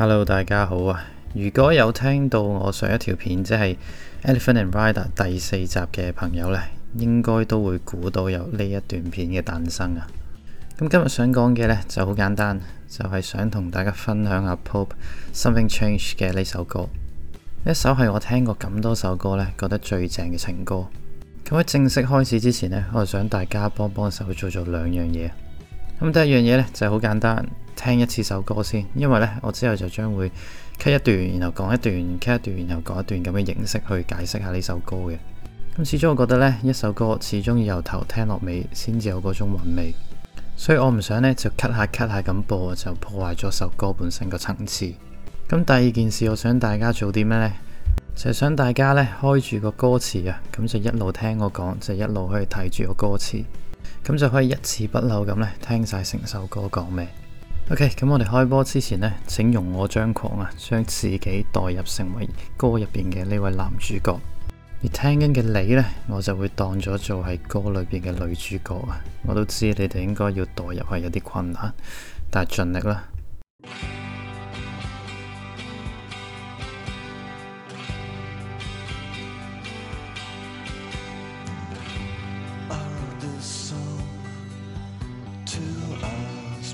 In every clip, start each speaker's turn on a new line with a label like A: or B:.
A: Hello，大家好啊！如果有聽到我上一條片即係《就是、Elephant and Rider》第四集嘅朋友呢，應該都會估到有呢一段片嘅誕生啊！咁今日想講嘅呢，就好簡單，就係、是、想同大家分享下《Pulp Something Changed》嘅呢首歌，一首係我聽過咁多首歌呢覺得最正嘅情歌。咁喺正式開始之前呢，我想大家幫幫手做做兩樣嘢。咁第一樣嘢呢，就係好簡單，聽一次首歌先，因為呢，我之後就將會 cut 一段，然後講一段，cut 一段，然後講一段咁嘅形式去解釋下呢首歌嘅。咁始終我覺得呢一首歌始終要由頭聽落尾先至有嗰種韻味，所以我唔想呢就 cut 下 cut 下咁播，就破壞咗首歌本身個層次。咁第二件事我想大家做啲咩呢？就係想大家呢開住個歌詞啊，咁就一路聽我講，就一路可以睇住個歌詞。咁就可以一字不漏咁咧聽晒成首歌講咩？OK，咁我哋開波之前呢，請容我張狂啊，將自己代入成為歌入邊嘅呢位男主角，而聽緊嘅你呢，我就會當咗做係歌裏邊嘅女主角啊！我都知你哋應該要代入係有啲困難，但係盡力啦。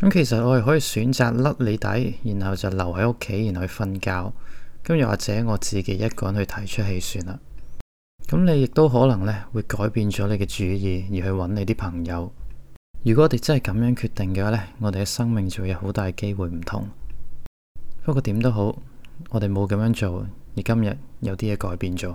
A: 咁其實我哋可以選擇甩你底，然後就留喺屋企，然後去瞓覺。咁又或者我自己一個人去睇出戲算啦。咁你亦都可能咧會改變咗你嘅主意，而去揾你啲朋友。如果我哋真係咁樣決定嘅話呢，我哋嘅生命就會有好大機會唔同。不過點都好，我哋冇咁樣做，而今日有啲嘢改變咗。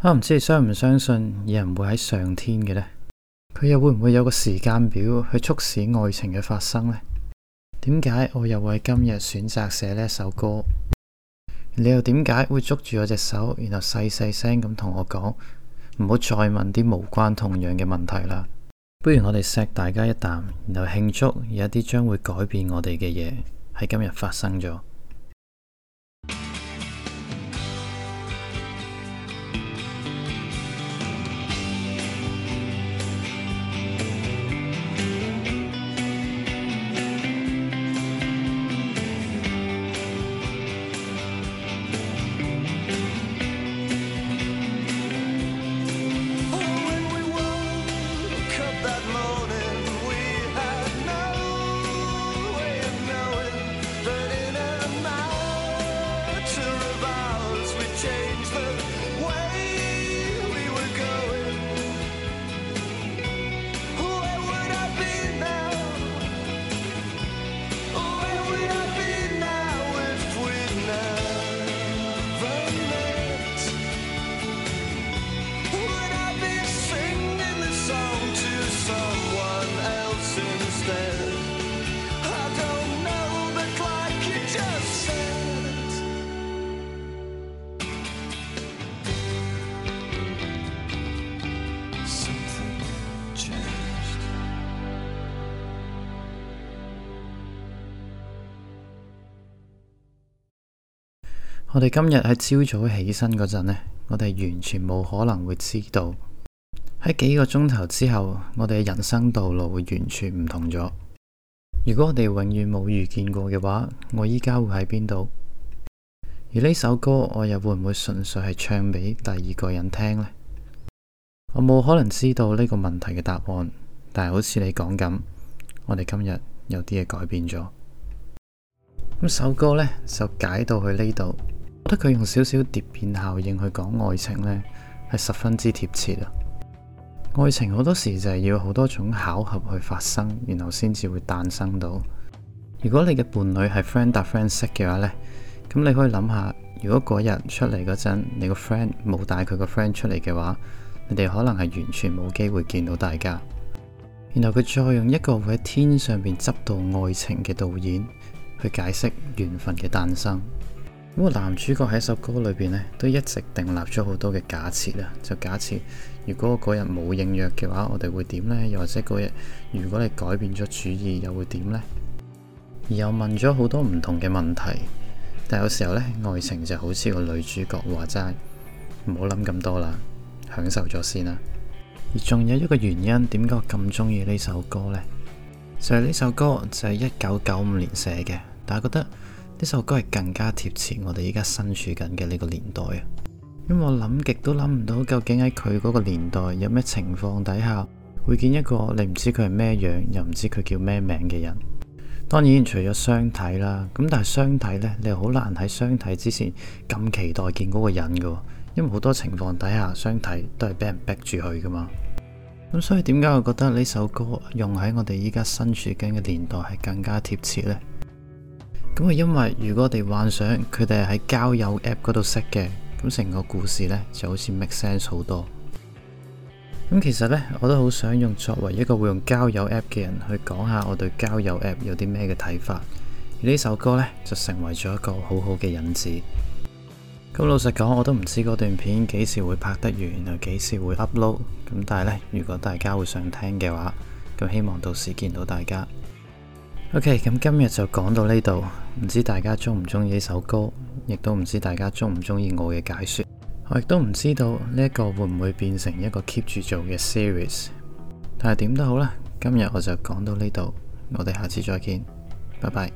A: 啊！唔知你相唔相信有人會喺上天嘅呢？佢又會唔會有個時間表去促使愛情嘅發生呢？點解我又會喺今日選擇寫呢首歌？你又點解會捉住我隻手，然後細細聲咁同我講唔好再問啲無關痛癢嘅問題啦？不如我哋錫大家一啖，然後慶祝有一啲將會改變我哋嘅嘢喺今日發生咗。我哋今日喺朝早起身嗰陣咧，我哋完全冇可能會知道喺幾個鐘頭之後，我哋嘅人生道路會完全唔同咗。如果我哋永遠冇遇見過嘅話，我依家會喺邊度？而呢首歌我又會唔會純粹係唱俾第二個人聽咧？我冇可能知道呢個問題嘅答案，但係好似你講咁，我哋今日有啲嘢改變咗。咁首歌咧就解到去呢度。覺得佢用少少疊片效應去講愛情呢，係十分之貼切啊！愛情好多時就係要好多種巧合去發生，然後先至會誕生到。如果你嘅伴侶係 friend 搭 friend 識嘅話呢，咁你可以諗下，如果嗰日出嚟嗰陣你個 friend 冇帶佢個 friend 出嚟嘅話，你哋可能係完全冇機會見到大家。然後佢再用一個會喺天上邊執到愛情嘅導演去解釋緣分嘅誕生。咁啊，個男主角喺首歌裏邊呢，都一直訂立咗好多嘅假設啊，就假設如果嗰日冇應約嘅話，我哋會點呢？又或者嗰日如果你改變咗主意，又會點呢？而又問咗好多唔同嘅問題，但有時候呢，愛情就好似個女主角話齋，唔好諗咁多啦，享受咗先啦。而仲有一個原因，點解我咁中意呢首歌呢？就係、是、呢首歌就係一九九五年寫嘅，但係覺得。呢首歌係更加貼切我哋依家身處緊嘅呢個年代啊！因為我諗極都諗唔到究竟喺佢嗰個年代有咩情況底下會見一個你唔知佢係咩樣又唔知佢叫咩名嘅人。當然除咗相睇啦，咁但係相睇呢，你又好難喺相睇之前咁期待見嗰個人噶，因為好多情況底下相睇都係俾人逼住去噶嘛。咁所以點解我覺得呢首歌用喺我哋依家身處緊嘅年代係更加貼切呢？咁係因為如果我哋幻想佢哋係喺交友 App 嗰度識嘅，咁成個故事呢就好似 make sense 好多。咁其實呢，我都好想用作為一個會用交友 App 嘅人去講下我對交友 App 有啲咩嘅睇法。而呢首歌呢，就成為咗一個好好嘅引子。咁老實講，我都唔知嗰段片幾時會拍得完，然後幾時會 upload。咁但係呢，如果大家會想聽嘅話，咁希望到時見到大家。OK，咁今日就講到呢度，唔知大家鍾唔鍾意呢首歌，亦都唔知大家鍾唔鍾意我嘅解說，我亦都唔知道呢一個會唔會變成一個 keep 住做嘅 series，但係點都好啦，今日我就講到呢度，我哋下次再見，拜拜。